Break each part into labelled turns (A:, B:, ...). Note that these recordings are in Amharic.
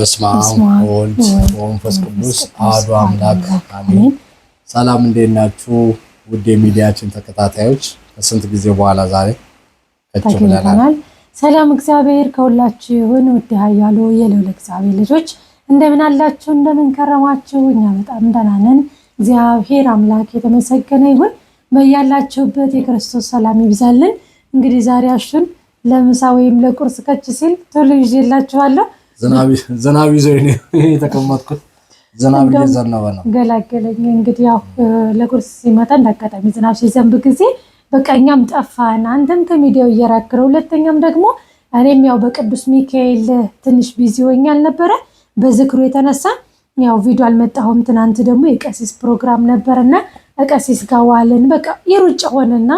A: በስመ አብ ወወልድ ወመንፈስ ቅዱስ አሐዱ አምላክ አሜን። ሰላም እንዴት ናችሁ? ውድ የሚዲያችን ተከታታዮች ከስንት ጊዜ በኋላ ዛሬ
B: ከች ሰላም እግዚአብሔር ከሁላችሁን ውድ ያሉ የልዑል እግዚአብሔር ልጆች እንደምን አላችሁ? እንደምን ከረማችሁ? እኛ በጣም ደህና ነን። እግዚአብሔር አምላክ የተመሰገነ ይሁን። በያላችሁበት የክርስቶስ ሰላም ይብዛልን። እንግዲህ ዛሬ አሹን ለምሳ ወይም ለቁርስ ከች ሲል ቶሎ ይዤላችኋለሁ
A: ዝናብ ይዞ የተቀመጥኩት ዝናብ እየዘነበ ነው።
B: ገላገለኝ። እንግዲህ ያው ለቁርስ ሲመጣ እንዳጋጣሚ ዝናብ ሲዘንብ ጊዜ በቃ እኛም ጠፋን። አንተም ከሚዲያው እየራክረ፣ ሁለተኛም ደግሞ እኔም ያው በቅዱስ ሚካኤል ትንሽ ቢዚ ሆኜ አልነበረ በዝክሩ የተነሳ ያው ቪዲዮ አልመጣሁም። ትናንት ደግሞ የቀሲስ ፕሮግራም ነበርና ቀሲስ ጋር ዋልን። በቃ የሩጭ ሆነና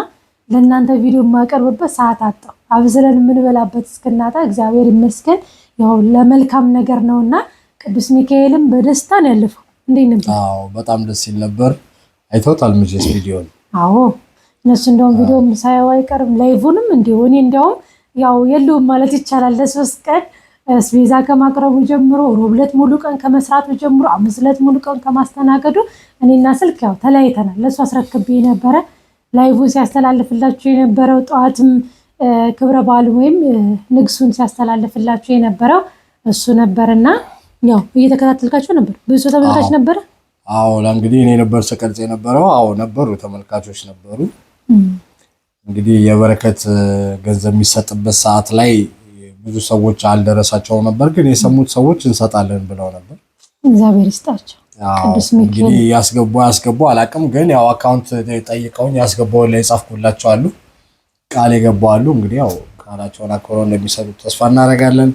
B: ለእናንተ ቪዲዮ የማቀርብበት ሰዓት አጣሁ። አብዝለን የምንበላበት እስክናጣ እግዚአብሔር ይመስገን ያው ለመልካም ነገር ነው እና ቅዱስ ሚካኤልም በደስታ ነው ያለፈው። እንዴት ነበር?
A: አዎ በጣም ደስ ይል ነበር። አይተውታል መቼስ ቪዲዮን?
B: አዎ እነሱ እንደውም ቪዲዮም ሳያው አይቀርም ላይቭንም እንዲሁ እኔ እንዲያውም ያው የለውም ማለት ይቻላል ለሶስት ቀን ስቤዛ ከማቅረቡ ጀምሮ ሮብለት ሙሉ ቀን ከመስራቱ ጀምሮ አምስለት ሙሉ ቀን ከማስተናገዱ እኔና ስልክ ያው ተለያይተናል። ለእሱ አስረክቤ ነበረ ላይቭ ሲያስተላልፍላቸው የነበረው ጠዋትም ክብረ በዓሉ ወይም ንግሱን ሲያስተላልፍላችሁ የነበረው እሱ ነበርና ያው እየተከታተልካቸው ነበር። ብዙ ተመልካች ነበረ።
A: አዎ እንግዲህ እኔ ነበር ስቀርጽ የነበረው። አዎ ነበሩ፣ ተመልካቾች ነበሩ። እንግዲህ የበረከት ገንዘብ የሚሰጥበት ሰዓት ላይ ብዙ ሰዎች አልደረሳቸው ነበር፣ ግን የሰሙት ሰዎች እንሰጣለን ብለው ነበር።
B: እግዚአብሔር ይስጣቸው።
A: እንግዲህ ያስገቡ ያስገቡ አላውቅም፣ ግን ያው አካውንት ጠይቀውን ያስገባውን ላይ ጻፍኩላቸው ቃል የገቡ አሉ። እንግዲህ ያው ቃላቸውን አክብረው እንደሚሰሩ ተስፋ እናደርጋለን።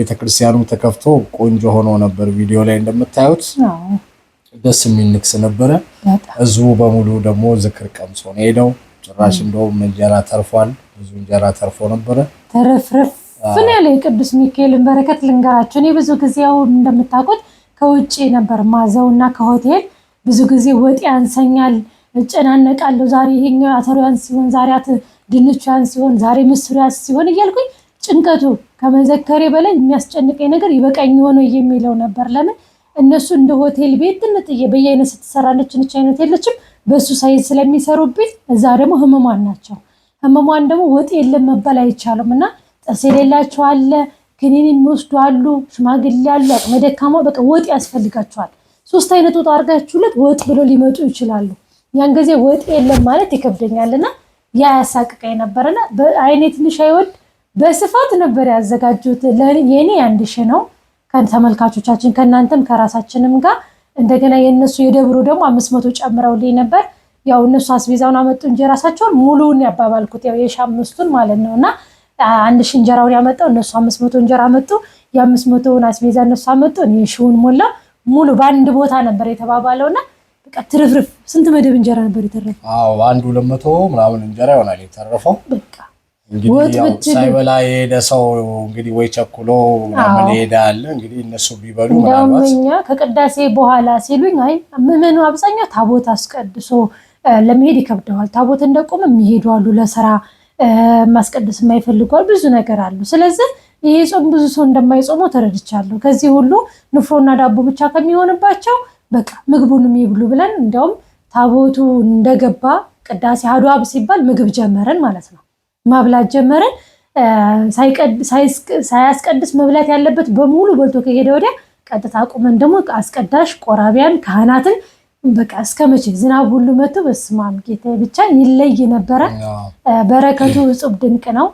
A: ቤተክርስቲያኑ ተከፍቶ ቆንጆ ሆኖ ነበር። ቪዲዮ ላይ እንደምታዩት ደስ የሚል ንግስ ነበረ። ህዝቡ በሙሉ ደግሞ ዝክር ቀምሶ ነው ሄደው። ጭራሽ እንደውም እንጀራ ተርፏል። ብዙ እንጀራ ተርፎ ነበረ።
B: ተረፍረፍ ያለ የቅዱስ ሚካኤልን በረከት ልንገራችሁ። እኔ ብዙ ጊዜው እንደምታውቁት ከውጭ ነበር ማዘው እና ከሆቴል ብዙ ጊዜ ወጥ ያንሰኛል፣ እጨናነቃለሁ። ዛሬ ይሄኛው አተሪያን ሲሆን ዛሬ ድንቿን ሲሆን ዛሬ ምስሪያ ሲሆን እያልኩኝ ጭንቀቱ ከመዘከሬ በላይ የሚያስጨንቀኝ ነገር ይበቃኝ ሆኖ የሚለው ነበር። ለምን እነሱ እንደ ሆቴል ቤት ትንጥዬ በየአይነት ስትሰራለች ንች አይነት የለችም። በእሱ ሳይዝ ስለሚሰሩብኝ እዛ ደግሞ ህመሟን ናቸው። ህመሟን ደግሞ ወጥ የለም መባል አይቻልም እና ጥርስ የሌላቸው አለ፣ ክኒን የሚወስዱ አሉ፣ ሽማግሌ አሉ፣ አቅመ ደካማ በቃ ወጥ ያስፈልጋቸዋል። ሶስት አይነት ወጥ አድርጋችሁለት ወጥ ብሎ ሊመጡ ይችላሉ። ያን ጊዜ ወጥ የለም ማለት ይከብደኛልና ያ ያሳቅቃኝ ነበርና አይኔ ትንሽ አይወድ በስፋት ነበር ያዘጋጁት። የኔ አንድ ሺህ ነው ከተመልካቾቻችን ከእናንተም ከራሳችንም ጋር እንደገና የእነሱ የደብሮ ደግሞ አምስት መቶ ጨምረውልኝ ነበር። ያው እነሱ አስቤዛውን አመጡ እንጂ ራሳቸውን ሙሉውን ያባባልኩት ያው የሺህ አምስቱን ማለት ነው እና አንድ ሺ እንጀራውን ያመጣው እነሱ አምስት መቶ እንጀራ አመጡ። የአምስት መቶውን አስቤዛ እነሱ አመጡ። እኔ ሺውን ሞላ ሙሉ በአንድ ቦታ ነበር የተባባለውና በቃ ትርፍርፍ ስንት መደብ እንጀራ ነበር የተረፈው?
A: አዎ አንድ ሁለት መቶ ምናምን እንጀራ ይሆናል የተረፈው። በቃ እንግዲህ ሳይበላ የሄደ ሰው እንግዲህ ወይ ቸኩሎ ምናምን ይሄዳል። እንግዲህ እነሱ ቢበሉ ምናልባት
B: እኛ ከቅዳሴ በኋላ ሲሉኝ፣ አይ ምዕመኑ አብዛኛው ታቦት አስቀድሶ ለመሄድ ይከብደዋል። ታቦት እንደቆመ የሚሄዱ አሉ፣ ለስራ ማስቀደስ የማይፈልገዋል፣ ብዙ ነገር አሉ። ስለዚህ ይሄ ጾም ብዙ ሰው እንደማይጾመው ተረድቻለሁ። ከዚህ ሁሉ ንፍሮና ዳቦ ብቻ ከሚሆንባቸው በቃ ምግቡንም ይብሉ ብለን እንዲያውም ታቦቱ እንደገባ ቅዳሴ አሐዱ አብ ሲባል ምግብ ጀመረን ማለት ነው። ማብላት ጀመረን። ሳያስቀድስ መብላት ያለበት በሙሉ በልቶ ከሄደ ወዲያ ቀጥታ ቁመን ደግሞ አስቀዳሽ ቆራቢያን ካህናትን በቃ እስከ መቼ ዝናብ ሁሉ መጥቶ በስመ አብ ጌታ ብቻ ይለይ ነበረ። በረከቱ እጹብ ድንቅ ነው።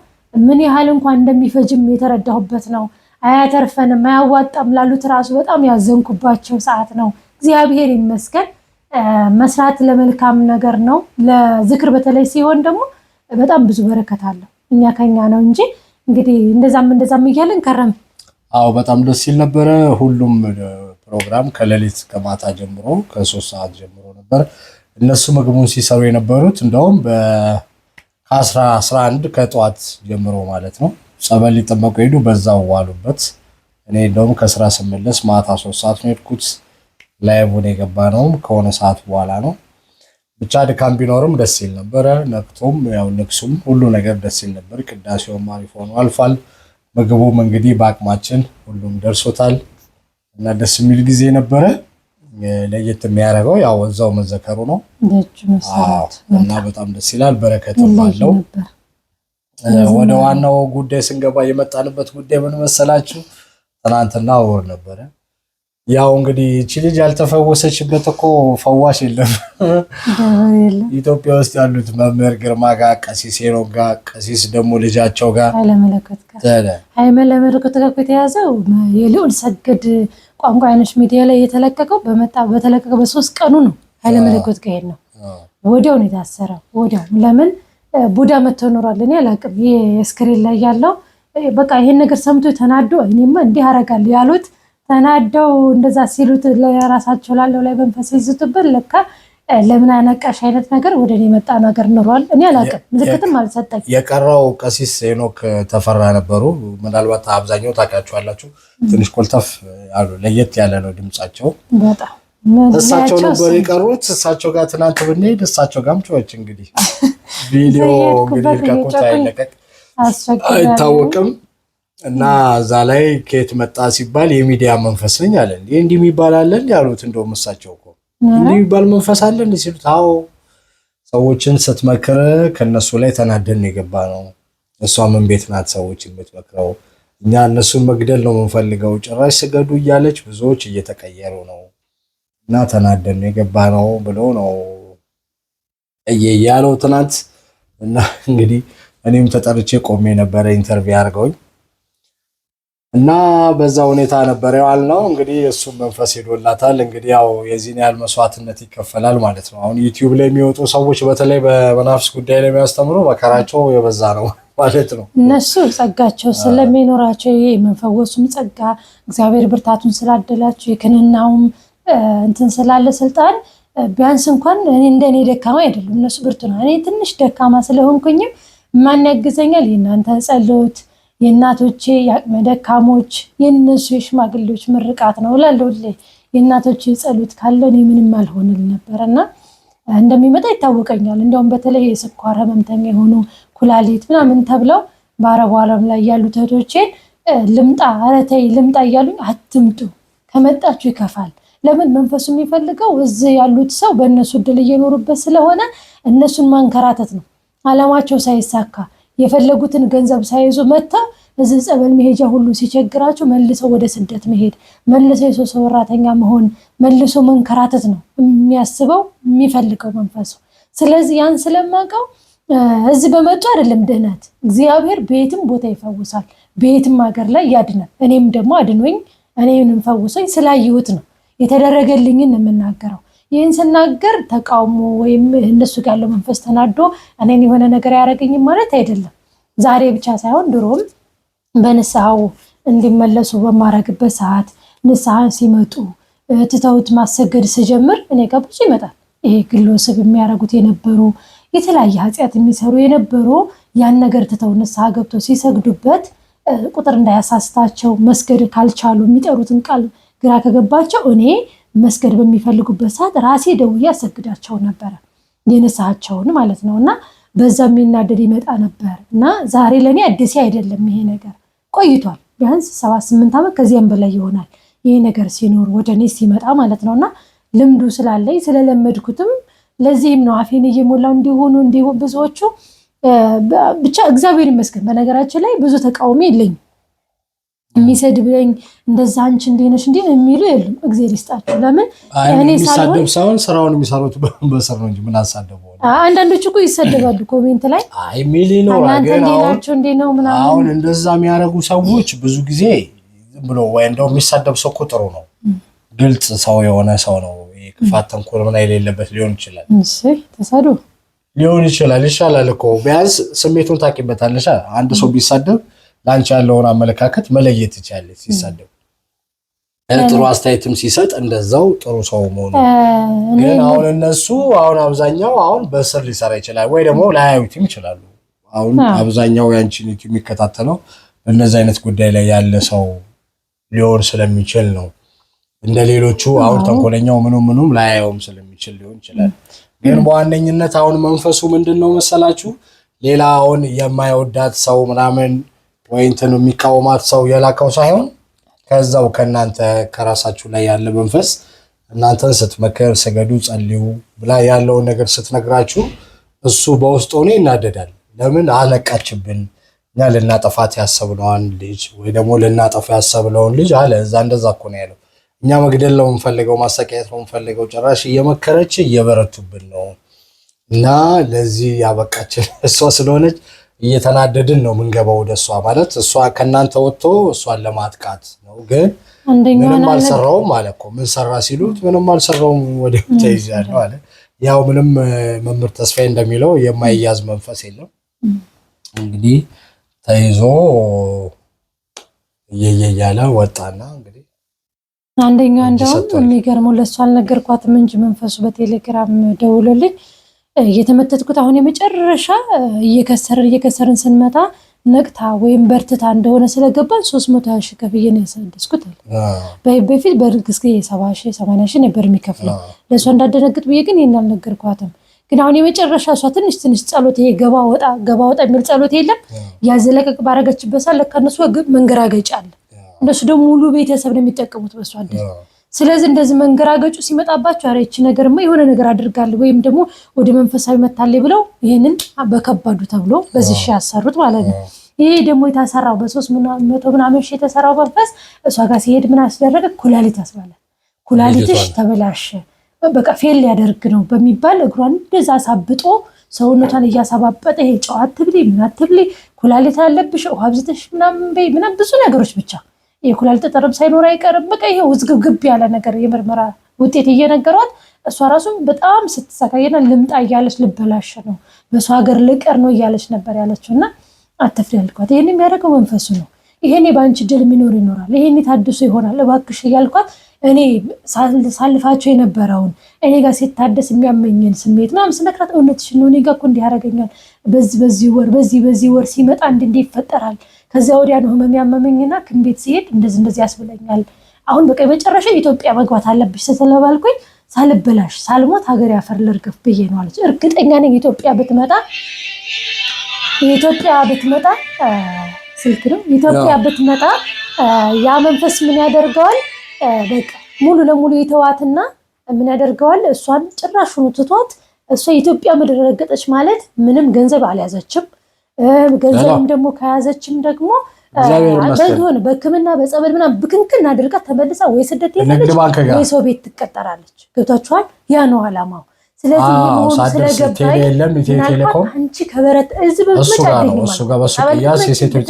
B: ምን ያህል እንኳን እንደሚፈጅም የተረዳሁበት ነው። አያተርፈንም፣ አያዋጣም ላሉት ራሱ በጣም ያዘንኩባቸው ሰዓት ነው። እግዚአብሔር ይመስገን። መስራት ለመልካም ነገር ነው። ለዝክር በተለይ ሲሆን ደግሞ በጣም ብዙ በረከት አለው። እኛ ከኛ ነው እንጂ እንግዲህ እንደዛም እንደዛም እያለን ከረም።
A: አዎ በጣም ደስ ሲል ነበረ። ሁሉም ፕሮግራም ከሌሊት ከማታ ጀምሮ ከሶስት ሰዓት ጀምሮ ነበር እነሱ ምግቡን ሲሰሩ የነበሩት። እንደውም ከአስራ አስራ አንድ ከጠዋት ጀምሮ ማለት ነው ጸበል ሊጠመቁ ሄዱ። በዛው ዋሉበት። እኔ እንደውም ከስራ ስመለስ ማታ ሶስት ሰዓት ነው የሄድኩት። ላይቡን የገባ ነውም ከሆነ ሰዓት በኋላ ነው። ብቻ ድካም ቢኖርም ደስ ይል ነበረ። ነቅቶም ያው ንግሱም ሁሉ ነገር ደስ ይል ነበር። ቅዳሴውም አሪፍ ሆኖ አልፏል። ምግቡም እንግዲህ በአቅማችን ሁሉም ደርሶታል እና ደስ የሚል ጊዜ ነበረ። ለየት የሚያደርገው ያው እዛው መዘከሩ ነው እና በጣም ደስ ይላል። በረከትም አለው። ወደ ዋናው ጉዳይ ስንገባ የመጣንበት ጉዳይ ምን መሰላችሁ? ትናንትና እሑድ ነበረ ያው እንግዲህ እቺ ልጅ ያልተፈወሰችበት እኮ ፈዋሽ የለም። ኢትዮጵያ ውስጥ ያሉት መምህር ግርማ ጋር፣ ቀሲስ ሄኖክ ጋር፣ ቀሲስ ደግሞ ልጃቸው ጋር
B: ሀይለመለኮት ጋር የተያዘው የልዑል ሰገድ ቋንቋ አይነች ሚዲያ ላይ የተለቀቀው በመጣ በተለቀቀው በሶስት ቀኑ ነው። ሀይለመለኮት ጋር ሄድ ነው ወዲያው ነው የታሰረው። ወዲያው ለምን ቡዳ መጥቶ ኖሯል። እኔ አላውቅም። ይህ ስክሪን ላይ ያለው በቃ ይሄን ነገር ሰምቶ ተናዶ እኔማ እንዲህ አረጋል ያሉት ተናደው እንደዛ ሲሉት ለራሳቸው ላለው ላይ መንፈስ ይዝቱበት ለካ ለምን አነቃሽ አይነት ነገር ወደ እኔ መጣ ነገር ኑሯል። እኔ አላውቅም፣ ምልክትም አልሰጠኝ።
A: የቀረው ቀሲስ ሄኖክ ተፈራ ነበሩ። ምናልባት አብዛኛው ታውቃቸዋላችሁ። ትንሽ ኮልተፍ አሉ፣ ለየት ያለ ነው ድምጻቸው በጣም እሳቸው ነበር የቀሩት። እሳቸው ጋር ትናንት ብንሄድ እሳቸው ጋርም ጨዋች እንግዲህ ቪዲዮ እንግዲህ ልቀቁት አይለቀቅ አይታወቅም። እና እዛ ላይ ከየት መጣ ሲባል የሚዲያ መንፈስ ነኝ አለ። ይህ እንዲህ የሚባል አለን ያሉት እንደውም እሳቸው እኮ እንዲህ የሚባል መንፈስ አለን ሲሉት፣ አዎ ሰዎችን ስትመክር ከእነሱ ላይ ተናደን የገባ ነው። እሷ ምን ቤት ናት ሰዎች የምትመክረው? እኛ እነሱን መግደል ነው የምንፈልገው፣ ጭራሽ ስገዱ እያለች ብዙዎች እየተቀየሩ ነው እና ተናደን የገባ ነው ብሎ ነው እያለው ትናንት። እና እንግዲህ እኔም ተጠርቼ ቆሜ ነበረ ኢንተርቪው አድርገውኝ እና በዛ ሁኔታ ነበር የዋል ነው እንግዲህ እሱም መንፈስ ሄዶላታል። እንግዲህ ያው የዚህን ያህል መስዋዕትነት ይከፈላል ማለት ነው። አሁን ዩቲዩብ ላይ የሚወጡ ሰዎች በተለይ በመናፍስ ጉዳይ ላይ የሚያስተምሩ መከራቸው የበዛ ነው ማለት ነው።
B: እነሱ ጸጋቸው ስለሚኖራቸው ይሄ የመፈወሱም ጸጋ እግዚአብሔር ብርታቱን ስላደላቸው የክንናውም እንትን ስላለ ስልጣን ቢያንስ እንኳን እንደኔ ደካማ አይደሉም እነሱ ብርቱ ነው። እኔ ትንሽ ደካማ ስለሆንኩኝም ማን ያግዘኛል? የእናንተ ጸሎት የእናቶቼ የአቅመ ደካሞች የእነሱ የሽማግሌዎች ምርቃት ነው እላለሁ። የእናቶቼ ጸሎት ካለ እኔ ምንም አልሆንል ነበር እና እንደሚመጣ ይታወቀኛል። እንዲያውም በተለይ የስኳር ህመምተኛ የሆኑ ኩላሊት ምናምን ተብለው በአረቡ ዓለም ላይ ያሉት እህቶቼን ልምጣ ኧረ ተይ ልምጣ እያሉኝ አትምጡ፣ ከመጣችሁ ይከፋል። ለምን መንፈሱ የሚፈልገው እዚህ ያሉት ሰው በእነሱ እድል እየኖሩበት ስለሆነ እነሱን ማንከራተት ነው አለማቸው ሳይሳካ የፈለጉትን ገንዘብ ሳይዙ መታ እዚህ ጸበል መሄጃ ሁሉ ሲቸግራቸው መልሰው ወደ ስደት መሄድ፣ መልሰው የሰው ሰራተኛ መሆን፣ መልሶ መንከራተት ነው የሚያስበው የሚፈልገው መንፈሱ። ስለዚህ ያን ስለማውቀው እዚህ በመጡ አይደለም ድህነት። እግዚአብሔር በየትም ቦታ ይፈውሳል፣ በየትም ሀገር ላይ ያድናል። እኔም ደግሞ አድኖኝ እኔንም ፈውሶኝ ስላየሁት ነው የተደረገልኝን የምናገረው። ይህን ስናገር ተቃውሞ ወይም እነሱ ጋር ያለው መንፈስ ተናዶ እኔን የሆነ ነገር አያደርገኝም ማለት አይደለም። ዛሬ ብቻ ሳይሆን ድሮም በንስሐው እንዲመለሱ በማረግበት ሰዓት ንስሐ ሲመጡ ትተውት ማሰገድ ስጀምር እኔ ጋር ብዙ ይመጣል። ይሄ ግለሰብ የሚያደርጉት የነበሩ የተለያየ ኃጢአት የሚሰሩ የነበሩ ያን ነገር ትተው ንስሐ ገብተው ሲሰግዱበት ቁጥር እንዳያሳስታቸው መስገድ ካልቻሉ የሚጠሩትን ቃል ግራ ከገባቸው እኔ መስገድ በሚፈልጉበት ሰዓት ራሴ ደውዬ አሰግዳቸው ነበረ፣ የነሳቸውን ማለት ነው። እና በዛ የሚናደድ ይመጣ ነበር እና ዛሬ ለእኔ አዲስ አይደለም ይሄ ነገር ቆይቷል። ቢያንስ ሰባት ስምንት ዓመት ከዚያም በላይ ይሆናል ይሄ ነገር ሲኖር ወደ እኔ ሲመጣ ማለት ነው። እና ልምዱ ስላለኝ ስለለመድኩትም ለዚህም ነው አፌን እየሞላው እንዲሆኑ እንዲሆን ብዙዎቹ ብቻ እግዚአብሔር ይመስገን። በነገራችን ላይ ብዙ ተቃውሞ የለኝም የሚሰድብኝ እንደዛ አንቺ እንዴት ነሽ እንዴ የሚሉ የሉም። እግዜር ይስጣችሁ። ለምን
A: የሚሳደብ ሳይሆን ስራውን የሚሰሩት በስር ነው እንጂ ምን አሳደቡ።
B: አንዳንዶች እኮ ይሰደባሉ ኮሜንት ላይ
A: የሚል ይኖራል። አሁን እንደዛ የሚያደርጉ ሰዎች ብዙ ጊዜ ብሎ ወይ እንደው የሚሳደብ ሰው እኮ ጥሩ ነው። ግልጽ ሰው የሆነ ሰው ነው። ክፋት፣ ተንኮል ምናምን የሌለበት ሊሆን ይችላል። ተሳዱ ሊሆን ይችላል። ይሻላል እኮ ቢያንስ ስሜቱን ታውቂበታለሽ። አንድ ሰው ቢሳደብ ለአንቺ ያለውን አመለካከት መለየት ይቻለ ሲሳደብ ጥሩ አስተያየትም ሲሰጥ እንደዛው ጥሩ ሰው መሆኑ ግን አሁን እነሱ አሁን አብዛኛው አሁን በስር ሊሰራ ይችላል ወይ ደግሞ ላያዩትም ይችላሉ። አሁን አብዛኛው ያንቺን የሚከታተለው በእነዚህ አይነት ጉዳይ ላይ ያለ ሰው ሊሆን ስለሚችል ነው። እንደ ሌሎቹ አሁን ተንኮለኛው ምኑ ምኑም ላያየውም ስለሚችል ሊሆን ይችላል። ግን በዋነኝነት አሁን መንፈሱ ምንድን ነው መሰላችሁ? ሌላ አሁን የማይወዳት ሰው ምናምን ወይ እንትኑ የሚቃወማት ሰው የላከው ሳይሆን ከዛው ከእናንተ ከራሳችሁ ላይ ያለ መንፈስ እናንተን ስትመክር ስገዱ፣ ጸልዩ ብላ ያለውን ነገር ስትነግራችሁ እሱ በውስጥ ሆኖ ይናደዳል። ለምን አነቃችብን? እኛ ልናጠፋት ያሰብነዋን ልጅ ወይ ደግሞ ልናጠፋ ያሰብነውን ልጅ አለ እዛ። እንደዛ እኮ ነው ያለው። እኛ መግደል ነው የምንፈልገው፣ ማሰቃየት ነው የምንፈልገው። ጭራሽ እየመከረች እየበረቱብን ነው እና ለዚህ ያበቃችን እሷ ስለሆነች እየተናደድን ነው የምንገባው ወደ እሷ። ማለት እሷ ከእናንተ ወጥቶ እሷን ለማጥቃት ነው፣ ግን ምንም አልሰራውም አለ እኮ። ምን ሰራ ሲሉት ምንም አልሰራውም ወደ ተይዛለሁ አለ። ያው ምንም መምህር ተስፋዬ እንደሚለው የማይያዝ መንፈስ የለም። እንግዲህ ተይዞ እየየያለ ወጣና እንግዲህ
B: አንደኛው እንደውም የሚገርመው ለእሷ አልነገርኳትም እንጂ መንፈሱ በቴሌግራም ደውሎልኝ የተመተትኩት አሁን የመጨረሻ እየከሰርን እየከሰርን ስንመጣ ነቅታ ወይም በርትታ እንደሆነ ስለገባን ሶስት መቶ ሺ ከፍዬ ነው ያሳደስኩት አለ። በፊት በርግስ ሰባ ሺ ሰማንያ ሺ ነበር የሚከፍለው ለእሷ እንዳደነግጥ ብዬ ግን ይህን አልነገርኳትም። ግን አሁን የመጨረሻ እሷ ትንሽ ትንሽ ጸሎት ይሄ ገባ ወጣ ገባ ወጣ የሚል ጸሎት የለም ያዘለቀቅ ባረገችበት ሳት ለካ እነሱ መንገራገጫ አለ። እነሱ ደግሞ ሙሉ ቤተሰብ ነው የሚጠቀሙት በእሷ አደ ስለዚህ እንደዚህ መንገራገጩ ሲመጣባቸው ኧረ ይቺ ነገርማ የሆነ ነገር አድርጋለሁ ወይም ደግሞ ወደ መንፈሳዊ መታለይ ብለው ይህንን በከባዱ ተብሎ በዚህ ሺ ያሰሩት ማለት ነው። ይሄ ደግሞ የታሰራው በሶስት መቶ ምናምን ሺህ የተሰራው መንፈስ እሷ ጋር ሲሄድ ምን አስደረገ? ኩላሊት አስባለ። ኩላሊትሽ ተበላሸ በቃ ፌል ሊያደርግ ነው በሚባል እግሯን እንደዛ አሳብጦ ሰውነቷን እያሳባበጠ ይሄ ጨው አትብሊ ምን አትብሊ ኩላሊት አለብሽ ውሃ አብዝተሽ ምናምን በይ ምናምን ብዙ ነገሮች ብቻ የኩላል ጠጠርም ሳይኖር አይቀርም። በቃ ይሄ ውዝግብግብ ያለ ነገር የምርመራ ውጤት እየነገሯት እሷ ራሱም በጣም ስትሰቃየና ልምጣ እያለች ልበላሽ ነው በእሷ ሀገር ልቀር ነው እያለች ነበር ያለችው። እና አትፍሪ ያልኳት ይህን የሚያደርገው መንፈሱ ነው። ይሄኔ በአንቺ ድል የሚኖር ይኖራል፣ ይሄኔ ታድሶ ይሆናል፣ እባክሽ እያልኳት እኔ ሳልፋቸው የነበረውን እኔ ጋር ሲታደስ የሚያመኝን ስሜት ምናምን ስነክራት እውነትሽን ነው እኔ ጋ እኮ እንዲህ ያደርገኛል፣ በዚህ በዚህ ወር በዚህ በዚህ ወር ሲመጣ እንዲህ እንዲህ ይፈጠራል ከዚያ ወዲያ ነው ህመም ያመመኝና ክንቤት ሲሄድ እንደዚህ እንደዚህ ያስብለኛል። አሁን በቃ የመጨረሻ ኢትዮጵያ መግባት አለብሽ ስትለባልኩኝ ሳልበላሽ ሳልሞት ሀገር ያፈር ልርግፍ ብዬ ነው አለች። እርግጠኛ ነኝ ኢትዮጵያ ብትመጣ የኢትዮጵያ ብትመጣ ስልክ ነው የኢትዮጵያ ብትመጣ ያ መንፈስ ምን ያደርገዋል? በቃ ሙሉ ለሙሉ የተዋትና ምን ያደርገዋል? እሷን ጭራሹኑ ትቷት እሷ የኢትዮጵያ ምድር ረገጠች ማለት ምንም ገንዘብ አልያዘችም ገንዘብም ደግሞ ከያዘችም ደግሞ ሆነ በሕክምና በጸበል ምናምን ብክንክን አድርጋ ተመልሳ ወይ ስደት
A: ትሄዳለች ወይ
B: ሰው ቤት ትቀጠራለች። ገብቷችኋል? ያ ነው አላማው። ስለዚህ ከበረት እዚህ በመጭ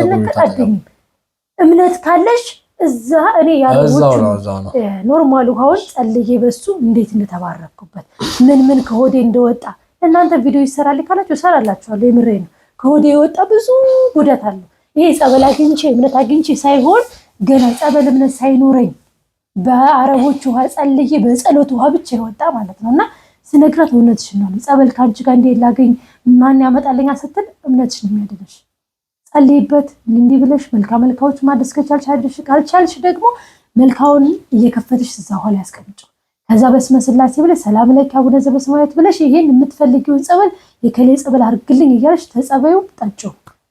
B: እምነት ካለሽ እዛ እኔ
A: ያለሁት
B: ኖርማል ውሃውን ጸልዬ በሱ እንዴት እንደተባረኩበት ምን ምን ከሆዴ እንደወጣ እናንተ ቪዲዮ ይሰራል ካላችሁ እሰራላችኋለሁ። የምሬ ነው። ከወደ የወጣ ብዙ ጉዳት አለ። ይሄ ጸበል አግኝቼ እምነት አግኝቼ ሳይሆን ገና ጸበል እምነት ሳይኖረኝ በአረቦች ውሃ ጸልዬ በጸሎት ውሃ ብቻ የወጣ ማለት ነው እና ስነግራት እውነትሽን ነው ጸበል ከአንቺ ጋር እንዴት ላገኝ ማን ያመጣልኛል ስትል እምነትሽ ነው የሚያድነሽ። ጸልይበት እንዲህ ብለሽ መልካ መልካዎች ማድረስ ከቻልሽ ካልቻልሽ ደግሞ መልካውን እየከፈተሽ እዛ ኋላ ላይ ከዛ በስመ ስላሴ ብለሽ ሰላም ላይ ካቡነ ዘበሰማያት ብለሽ ይሄን የምትፈልጊውን ጸበል የከሌ ጸበል አርግልኝ እያለሽ ተጸበዩ ጠጩ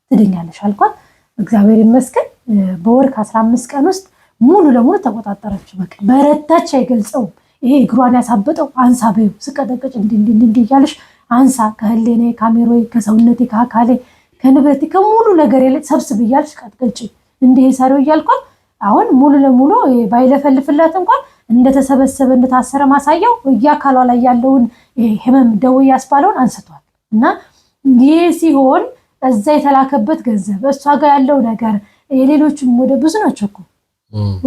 B: ትድኛለሽ አልኳት። እግዚአብሔር ይመስገን በወር ከአስራ አምስት ቀን ውስጥ ሙሉ ለሙሉ ተቆጣጠረች። በ በረታች። አይገልጸውም ይሄ እግሯን ያሳበጠው አንሳ በዩ ስቀጠቀጭ እንዲንዲንዲ እያለሽ አንሳ ከህሌኔ ከአሜሮዬ ከሰውነቴ ከአካሌ ከንብረቴ ከሙሉ ነገር የለ ሰብስብ እያልሽ ቀጥቀጭ እንዲህ ሰሪው እያልኳል። አሁን ሙሉ ለሙሉ ባይለፈልፍላት እንኳን እንደተሰበሰበ እንደታሰረ ማሳያው እያካሏ ላይ ያለውን ህመም ደዌ ያስባለውን አንስቷል። እና ይህ ሲሆን እዛ የተላከበት ገንዘብ እሷ ጋር ያለው ነገር የሌሎችም ወደ ብዙ ናቸው እኮ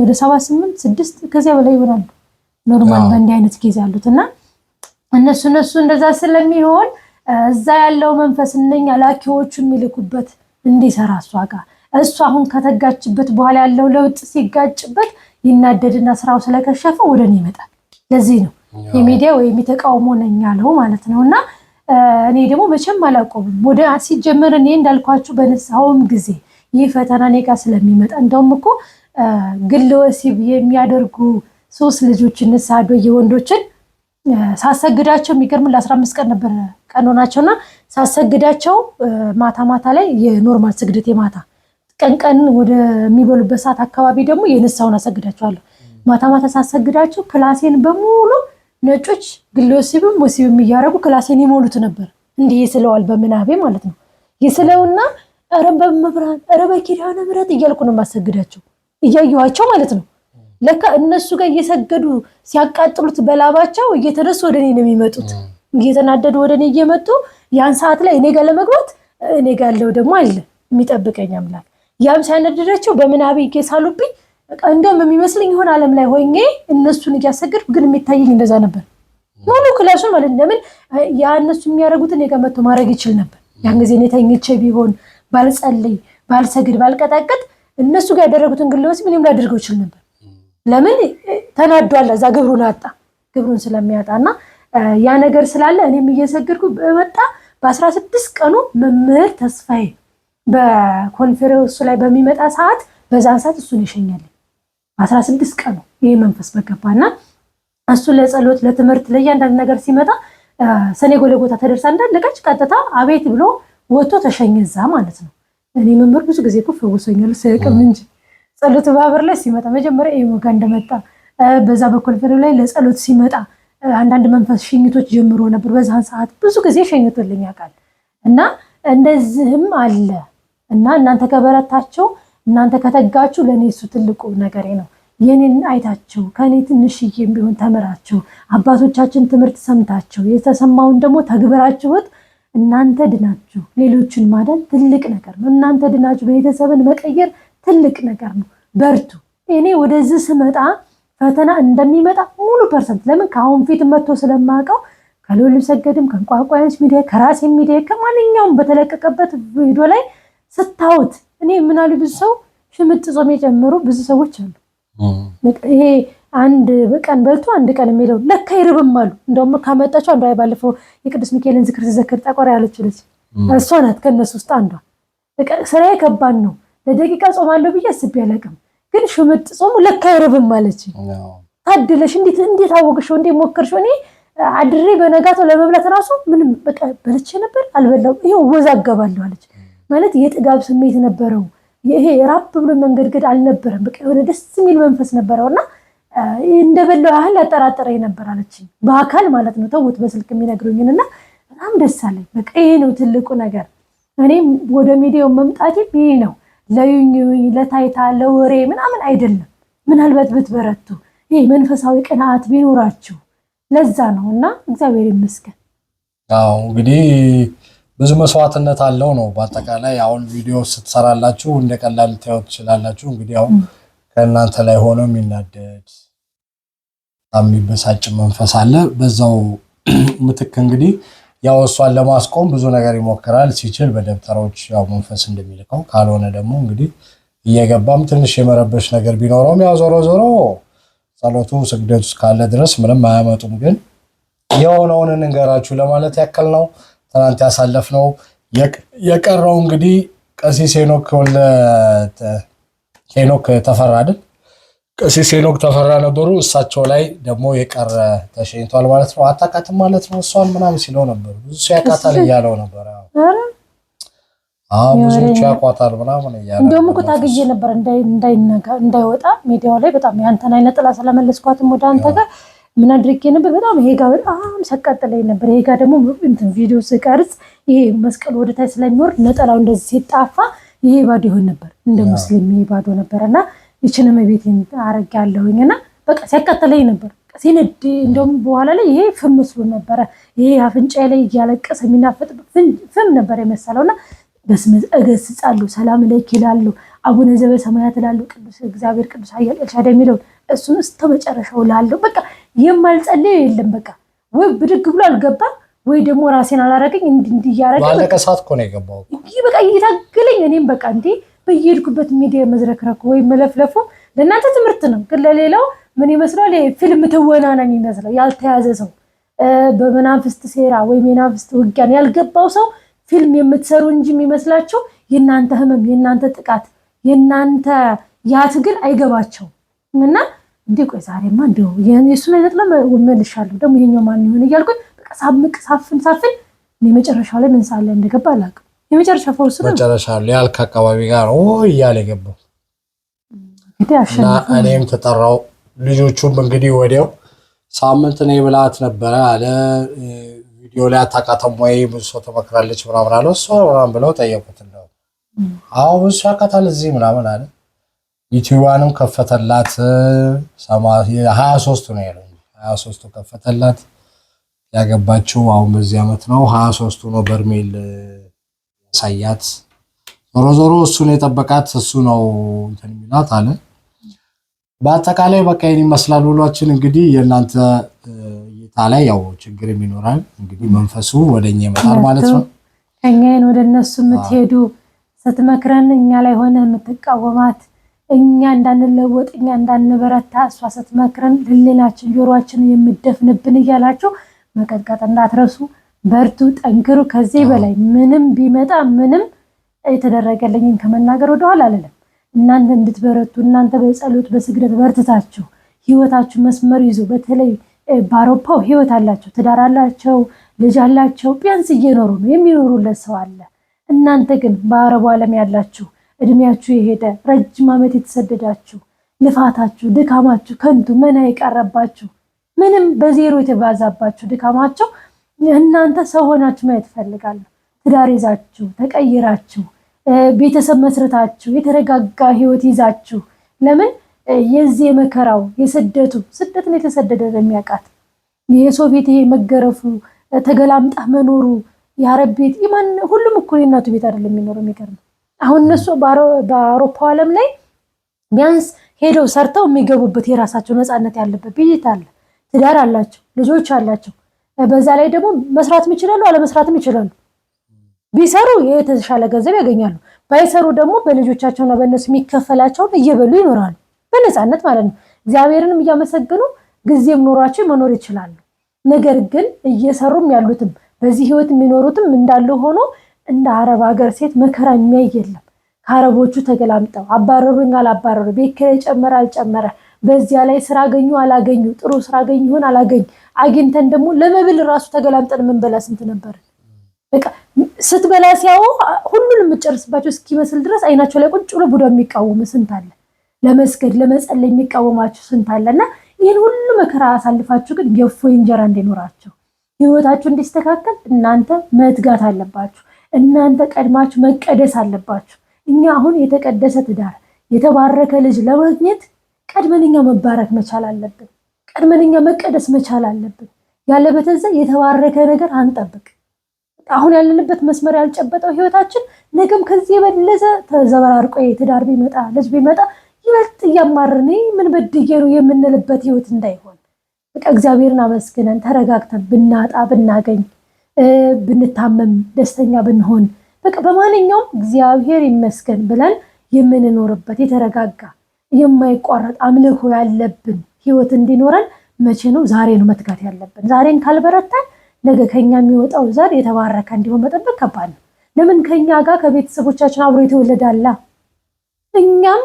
B: ወደ ሰባ ስምንት ስድስት ከዚያ በላይ ይሆናሉ። ኖርማል በእንዲህ አይነት ጊዜ ያሉት እና እነሱ እነሱ እንደዛ ስለሚሆን እዛ ያለው መንፈስ እነኛ ላኪዎቹ የሚልኩበት እንዲሰራ እሷ ጋር እሱ አሁን ከተጋጭበት በኋላ ያለው ለውጥ ሲጋጭበት ይናደድና ስራው ስለከሸፈ ወደ እኔ ይመጣል። ለዚህ ነው የሚዲያ ወይም የተቃውሞ ነኝ ያለው ማለት ነው። እና እኔ ደግሞ መቼም አላቆምም። ወደ ሲጀመር እኔ እንዳልኳችሁ በነሳውም ጊዜ ይህ ፈተና እኔ ጋር ስለሚመጣ እንደውም እኮ ግል ወሲብ የሚያደርጉ ሶስት ልጆች እንሳ የወንዶችን ሳሰግዳቸው የሚገርም ለአስራ አምስት ቀን ነበር ቀኖ ናቸውና ሳሰግዳቸው ማታ ማታ ላይ የኖርማል ስግደት የማታ ቀን ቀን ወደሚበሉበት ሰዓት አካባቢ ደግሞ የንሳውን አሰግዳቸዋለሁ። ማታ ማታ ሳሰግዳቸው ክላሴን በሙሉ ነጮች ግለ ወሲብም ወሲብም እያደረጉ ክላሴን ይሞሉት ነበር። እንዲህ ይስለዋል በምናቤ ማለት ነው። ይስለውና ኧረ በመብርሃን ኧረ በኪዳነ ምሕረት እያልኩ ነው የማሰግዳቸው እያየኋቸው ማለት ነው። ለካ እነሱ ጋር እየሰገዱ ሲያቃጥሉት በላባቸው እየተነሱ ወደ እኔ ነው የሚመጡት። እየተናደዱ ወደ እኔ እየመጡ ያን ሰዓት ላይ እኔ ጋር ለመግባት እኔ ጋር ያለው ደግሞ አለ የሚጠብቀኝ አምላክ ያም ሳያነድዳቸው በምናቤ ይጌሳሉብኝ። እንደውም የሚመስለኝ የሆነ አለም ላይ ሆኜ እነሱን እያሰገድኩ ግን የሚታየኝ እንደዛ ነበር። ሙሉ ክላሱን ማለት ለምን ያ እነሱ የሚያደርጉትን እኔ ጋ መጥቶ ማድረግ ይችል ነበር። ያን ጊዜ እኔ ተኝቼ ቢሆን ባልጸልይ፣ ባልሰግድ፣ ባልቀጠቀጥ እነሱ ጋር ያደረጉትን ግለወስ ምንም ላደርገው ይችል ነበር። ለምን ተናዷል። እዛ ግብሩን አጣ፣ ግብሩን ስለሚያጣ እና ያ ነገር ስላለ እኔም እየሰገድኩ በመጣ በአስራ ስድስት ቀኑ መምህር ተስፋዬ በኮንፈረንሱ ላይ በሚመጣ ሰዓት በዛን ሰዓት እሱን ይሸኛለን። አስራ ስድስት ቀኑ ይህ መንፈስ በገባና እሱ ለጸሎት ለትምህርት ለእያንዳንድ ነገር ሲመጣ ሰኔ ጎለጎታ ተደርሳ እንዳለቀች ቀጥታ አቤት ብሎ ወጥቶ ተሸኘዛ ማለት ነው። እኔ መምህር ብዙ ጊዜ እኮ ፈውሶኛል ስቅም እንጂ ጸሎት ማህበር ላይ ሲመጣ መጀመሪያ ኢሞጋ እንደመጣ በዛ በኮንፈረንስ ላይ ለጸሎት ሲመጣ አንዳንድ መንፈስ ሽኝቶች ጀምሮ ነበር። በዛን ሰዓት ብዙ ጊዜ ሸኝቶልኝ ያውቃል እና እንደዚህም አለ እና እናንተ ከበረታችሁ፣ እናንተ ከተጋችሁ ለእኔ እሱ ትልቁ ነገሬ ነው። የኔን አይታችሁ ከኔ ትንሽዬም ቢሆን ተምራችሁ አባቶቻችን ትምህርት ሰምታችሁ የተሰማውን ደግሞ ተግብራችሁት እናንተ ድናችሁ ሌሎችን ማዳን ትልቅ ነገር ነው። እናንተ ድናችሁ ቤተሰብን መቀየር ትልቅ ነገር ነው። በርቱ። እኔ ወደዚህ ስመጣ ፈተና እንደሚመጣ ሙሉ ፐርሰንት ለምን ከአሁን ፊት መጥቶ ስለማውቀው ከልዑል ሰገድም ከእንቋቋያንስ ሚዲያ ከራሴ ሚዲያ ከማንኛውም በተለቀቀበት ቪዲዮ ላይ ስታወት እኔ ምናሉ ብዙ ሰው ሽምጥ ጾም የጀመሩ ብዙ ሰዎች አሉ። ይሄ አንድ ቀን በልቶ አንድ ቀን የሚለው ለካ ይርብም አሉ። እንደውም ካመጣቸው አንዷ ባለፈው የቅዱስ ሚካኤልን ዝክር ሲዘክር ጠቆር ያለች ልጅ እሷ ናት፣ ከእነሱ ውስጥ አንዷ። ስራ የከባድ ነው፣ ለደቂቃ ጾም አለው ብዬ አስቤ አላውቅም፣ ግን ሽምጥ ጾሙ ለካ ይርብም አለች። ታድለሽ! እንዴት እንዴት አወቅሽው? እንዴት ሞከርሽው? እኔ አድሬ በነጋቶ ለመብላት ራሱ ምንም በቃ በልቼ ነበር አልበላሁም፣ ይሄው ወዛገባለሁ አለች። ማለት የጥጋብ ስሜት ነበረው። ይሄ ራፕ ብሎ መንገድገድ አልነበረም። በቃ የሆነ ደስ የሚል መንፈስ ነበረው እና እንደበላው ያህል አጠራጠረ ነበር አለችኝ። በአካል ማለት ነው ተውት፣ በስልክ የሚነግሩኝን እና በጣም ደስ አለኝ። በቃ ይሄ ነው ትልቁ ነገር። እኔም ወደ ሚዲያው መምጣቴ ይሄ ነው። ለዩኝ ለታይታ ለወሬ ምናምን አይደለም። ምናልባት ብትበረቱ ይሄ መንፈሳዊ ቅንዓት ቢኖራችሁ ለዛ ነው እና እግዚአብሔር ይመስገን።
A: አዎ እንግዲህ ብዙ መስዋዕትነት አለው ነው። በአጠቃላይ አሁን ቪዲዮ ስትሰራላችሁ እንደ ቀላል ልታዩት ትችላላችሁ። እንግዲህ አሁን ከእናንተ ላይ ሆኖ የሚናደድ የሚበሳጭ መንፈስ አለ። በዛው ምትክ እንግዲህ ያው እሷን ለማስቆም ብዙ ነገር ይሞክራል። ሲችል በደብተሮች ያው መንፈስ እንደሚልከው ካልሆነ ደግሞ እንግዲህ እየገባም ትንሽ የመረበሽ ነገር ቢኖረውም ያው ዞሮ ዞሮ ጸሎቱ ስግደቱ እስካለ ድረስ ምንም አያመጡም። ግን የሆነውን እንገራችሁ ለማለት ያክል ነው። ትናንት ያሳለፍ ነው። የቀረው እንግዲህ ቀሲስ ሄኖክ ወልደ ሄኖክ ተፈራ አይደል? ቀሲስ ሄኖክ ተፈራ ነበሩ። እሳቸው ላይ ደግሞ የቀረ ተሸኝቷል ማለት ነው። አታውቃትም ማለት ነው እሷን ምናምን ሲለው ነበር። ብዙ ሰው ያውቃታል እያለው ነበር። አዎ ብዙዎቹ ያውቋታል ምናምን እያለ
B: እንደውም እኮ ታግዬ ነበር እንዳይወጣ ሚዲያው ላይ በጣም የአንተን አይነት ጥላ ስለመለስኳትም ወደ አንተ ጋር ምን አድርጌ ነበር? በጣም ይሄ ጋ በጣም ሲያቃጥለኝ ነበር። ይሄ ጋ ደግሞ እንትን ቪዲዮ ስቀርጽ ይሄ መስቀል ወደታይ ስለሚወርድ ነጠላው እንደዚህ ሲጣፋ ይሄ ባዶ ይሆን ነበር። እንደ ሙስሊም ይሄ ባዶ ነበር እና ይችንም ቤቴን አረግ ያለሁኝ እና በቃ ሲያቃጥለኝ ነበር ሲነድ እንደውም በኋላ ላይ ይሄ ፍም መስሎ ነበረ። ይሄ አፍንጫ ላይ እያለቀሰ የሚናፈጥ ፍም ነበር የመሰለው እና በስመ እገስጻለሁ፣ ሰላም ላይ እላለሁ አቡነ ዘበሰማያት ላለው ቅዱስ እግዚአብሔር ቅዱስ ኃያል ኤልሻዳይ የሚለውን እሱን እስከ መጨረሻው ላለው በቃ የማልጸልየው የለም። በቃ ወይ ብድግ ብሎ አልገባ ወይ ደግሞ ራሴን አላረገኝ እንዲ እንዲ እያረገ
A: ባለቀ ሰዓት እኮ ነው የገባው።
B: በቃ እየታገለኝ እኔም በቃ እንዲህ በየሄድኩበት ሚዲያ መዝረክረኩ ወይ መለፍለፉ ለእናንተ ትምህርት ነው፣ ግን ለሌላው ምን ይመስላል? ፊልም ትወና ነው የሚመስለው። ያልተያዘ ሰው በመናፍስት ሴራ ወይም የናፍስት ውጊያን ያልገባው ሰው ፊልም የምትሰሩ እንጂ የሚመስላቸው የእናንተ ህመም የእናንተ ጥቃት የእናንተ ያ ትግል አይገባቸው እና እንዴ ቆይ ዛሬማ እንዲሁ የእሱን አይነት መልሻለሁ ደግሞ ይሄኛው ማን ይሆን እያልኩኝ በቃ ሳምቅ ሳፍን ሳፍን የመጨረሻው ላይ ምን ሳለ እንደገባ አላውቅም። የመጨረሻ ፈውስ
A: ነው መጨረሻ ያልክ አካባቢ ጋር እያለ የገባው እና እኔም ተጠራው። ልጆቹም እንግዲህ ወዲያው ሳምንት እኔ ብላት ነበረ አለ ቪዲዮ ላይ አታውቃትም ወይ ብዙ ሰው ተመክራለች ምናምን አለ እሷ ምናምን ብለው ጠየቁት። አሁን እሱ ያውቃታል እዚህ ምናምን አለ። ዩቲዩባንም ከፈተላት ሀያ ሶስቱ ነው ያለው ሀያ ሶስቱ ከፈተላት። ያገባችው አሁን በዚህ ዓመት ነው። ሀያ ሶስቱ ነው በርሜል ያሳያት። ዞሮ ዞሮ እሱን የጠበቃት እሱ ነው እንትን የሚላት አለ። በአጠቃላይ በቃ ይህን ይመስላል ውሏችን። እንግዲህ የእናንተ እይታ ላይ ያው ችግርም ይኖራል። እንግዲህ መንፈሱ ወደኛ ይመጣል ማለት ነው።
B: ከኛዬን ወደ እነሱ የምትሄዱ ስትመክረን እኛ ላይ ሆነ የምትቃወማት እኛ እንዳንለወጥ እኛ እንዳንበረታ እሷ ስትመክረን ህሊናችን ጆሮችን የምደፍንብን እያላችሁ መቀጥቀጥ እንዳትረሱ። በርቱ፣ ጠንክሩ። ከዚህ በላይ ምንም ቢመጣ ምንም የተደረገልኝን ከመናገር ወደኋላ አልልም። እናንተ እንድትበረቱ እናንተ በጸሎት በስግደት በርትታችሁ ህይወታችሁ መስመር ይዞ በተለይ በአውሮፓው ህይወት አላቸው፣ ትዳር አላቸው፣ ልጅ አላቸው። ቢያንስ እየኖሩ ነው። የሚኖሩለት ሰው አለ። እናንተ ግን በአረቡ ዓለም ያላችሁ እድሜያችሁ የሄደ ረጅም ዓመት የተሰደዳችሁ ልፋታችሁ፣ ድካማችሁ ከንቱ መና የቀረባችሁ ምንም በዜሮ የተባዛባችሁ ድካማቸው እናንተ ሰው ሆናችሁ ማየት እፈልጋለሁ። ትዳር ይዛችሁ ተቀይራችሁ ቤተሰብ መስረታችሁ የተረጋጋ ህይወት ይዛችሁ ለምን የዚህ የመከራው የስደቱ ስደትን የተሰደደ የሚያውቃት የሶቪየት መገረፉ ተገላምጣ መኖሩ የአረብ ቤት ኢማን ሁሉም እኮ የእናቱ ቤት አይደለም የሚኖረው። የሚገርም አሁን እነሱ በአውሮፓ ዓለም ላይ ቢያንስ ሄደው ሰርተው የሚገቡበት የራሳቸው ነፃነት ያለበት ቤት አለ። ትዳር አላቸው፣ ልጆች አላቸው። በዛ ላይ ደግሞ መስራትም ይችላሉ፣ አለመስራትም ይችላሉ። ቢሰሩ የተሻለ ገንዘብ ያገኛሉ። ባይሰሩ ደግሞ በልጆቻቸውና በእነሱ የሚከፈላቸውን እየበሉ ይኖራሉ፣ በነፃነት ማለት ነው። እግዚአብሔርንም እያመሰገኑ ጊዜም ኖሯቸው መኖር ይችላሉ። ነገር ግን እየሰሩም ያሉትም በዚህ ህይወት የሚኖሩትም እንዳለ ሆኖ እንደ አረብ ሀገር ሴት መከራ የሚያይ የለም። ከአረቦቹ ተገላምጠው አባረሩኝ አላባረሩ፣ ቤት ኪራይ ጨመረ አልጨመረ፣ በዚያ ላይ ስራ አገኙ አላገኙ፣ ጥሩ ስራ አገኙ ይሆን አላገኙ፣ አግኝተን ደግሞ ለመብል ራሱ ተገላምጠን የምንበላ ስንት ነበር። በቃ ስትበላ ሲያው ሁሉን የምጨርስባቸው እስኪመስል ድረስ አይናቸው ላይ ቁጭ ብሎ ቡዳ የሚቃወም ስንት አለ፣ ለመስገድ ለመጸለይ የሚቃወማቸው ስንት አለ። እና ይህን ሁሉ መከራ አሳልፋችሁ ግን የእፎይ እንጀራ እንዲኖራቸው ህይወታችሁ እንዲስተካከል እናንተ መትጋት አለባችሁ። እናንተ ቀድማችሁ መቀደስ አለባችሁ። እኛ አሁን የተቀደሰ ትዳር የተባረከ ልጅ ለማግኘት ቀድመን እኛ መባረክ መቻል አለብን። ቀድመን እኛ መቀደስ መቻል አለብን። ያለበተዛ የተባረከ ነገር አንጠብቅ። አሁን ያለንበት መስመር ያልጨበጠው ህይወታችን ነገም ከዚህ የበለዘ ተዘበራርቆ ትዳር ቢመጣ ልጅ ቢመጣ ይበልጥ እያማርን ምን በድዬ ነው የምንልበት ህይወት እንዳይሆን በቃ እግዚአብሔርን አመስግነን ተረጋግተን ብናጣ ብናገኝ ብንታመም ደስተኛ ብንሆን በቃ በማንኛውም እግዚአብሔር ይመስገን ብለን የምንኖርበት የተረጋጋ የማይቋረጥ አምልኮ ያለብን ህይወት እንዲኖረን መቼ ነው? ዛሬ ነው መትጋት ያለብን። ዛሬን ካልበረታን ነገ ከኛ የሚወጣው ዘር የተባረከ እንዲሆን መጠበቅ ከባድ ነው። ለምን ከኛ ጋር ከቤተሰቦቻችን አብሮ የተወለዳላ እኛም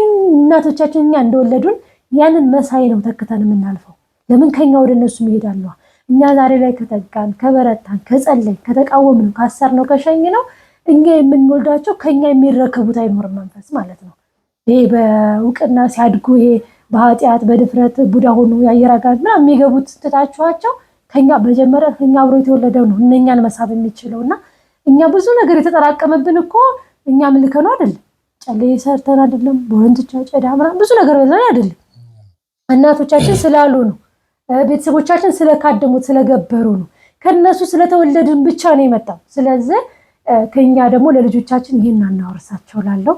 B: እናቶቻችን እኛ እንደወለዱን ያንን መሳይ ነው ተክተን የምናልፈው። ለምን ከኛ ወደ እነሱ ይሄዳሉ። እኛ ዛሬ ላይ ከተጋን፣ ከበረታን፣ ከጸለይ፣ ከተቃወም ነው ካሰር ነው ከሸኝ ነው እኛ የምንወልዳቸው ከኛ የሚረከቡት አይኖርም መንፈስ ማለት ነው። ይሄ በእውቅና ሲያድጉ ይሄ በኃጢአት በድፍረት ቡዳ ሆኑ የአየር አጋር ምና የሚገቡት ትታችኋቸው ከኛ በጀመረ ከኛ አብሮ የተወለደው ነው እነኛን መሳብ የሚችለው እና እኛ ብዙ ነገር የተጠራቀመብን እኮ እኛ ምልከ ነው አደለም፣ ጨሌ ሰርተን አደለም፣ በወንዝቻ ጨዳ ምና ብዙ ነገር በዛ አደለም። እናቶቻችን ስላሉ ነው። ቤተሰቦቻችን ስለካደሙት ስለገበሩ ነው። ከነሱ ስለተወለድን ብቻ ነው የመጣው። ስለዚህ ከኛ ደግሞ ለልጆቻችን ይህን አናወርሳቸው ላለው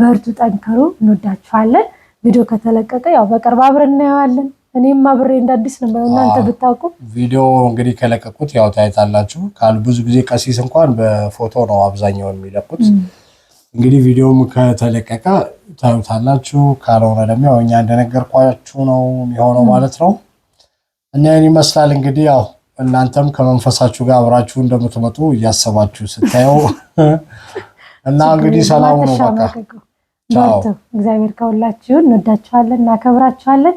B: በርቱ፣ ጠንከሩ፣ እንወዳችኋለን። ቪዲዮ ከተለቀቀ ያው በቅርብ አብረን እናየዋለን። እኔም አብሬ እንዳዲስ አዲስ ነው እናንተ ብታውቁ።
A: ቪዲዮ እንግዲህ ከለቀቁት ያው ታይታላችሁ ካሉ ብዙ ጊዜ ቀሲስ እንኳን በፎቶ ነው አብዛኛውን የሚለቁት። እንግዲህ ቪዲዮም ከተለቀቀ ታዩታላችሁ። ካልሆነ ደግሞ ያው እኛ እንደነገርኳችሁ ነው የሚሆነው ማለት ነው። እና ይህን ይመስላል እንግዲህ ያው እናንተም ከመንፈሳችሁ ጋር አብራችሁ እንደምትመጡ እያሰባችሁ ስታየው እና እንግዲህ ሰላሙ ነው በቃ
B: እግዚአብሔር ከሁላችሁ እንወዳችኋለን፣ እናከብራችኋለን።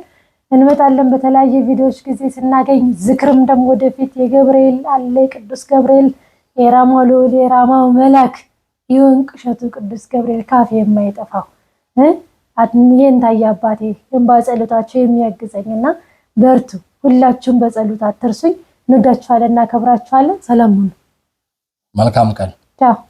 B: እንመጣለን በተለያየ ቪዲዮዎች ጊዜ ስናገኝ ዝክርም ደግሞ ወደፊት የገብርኤል አለ የቅዱስ ገብርኤል የራማው ልዑል የራማው መላክ ይሁን ቅሸቱ ቅዱስ ገብርኤል ካፌ የማይጠፋው ይህን ታየ አባቴ ግን ጸሎታቸው የሚያግዘኝ እና በርቱ። ሁላችሁም በጸሎት አትርሱኝ። እንወዳችኋለን፣ እናከብራችኋለን። ሰላም ሁኑ። መልካም ቀን።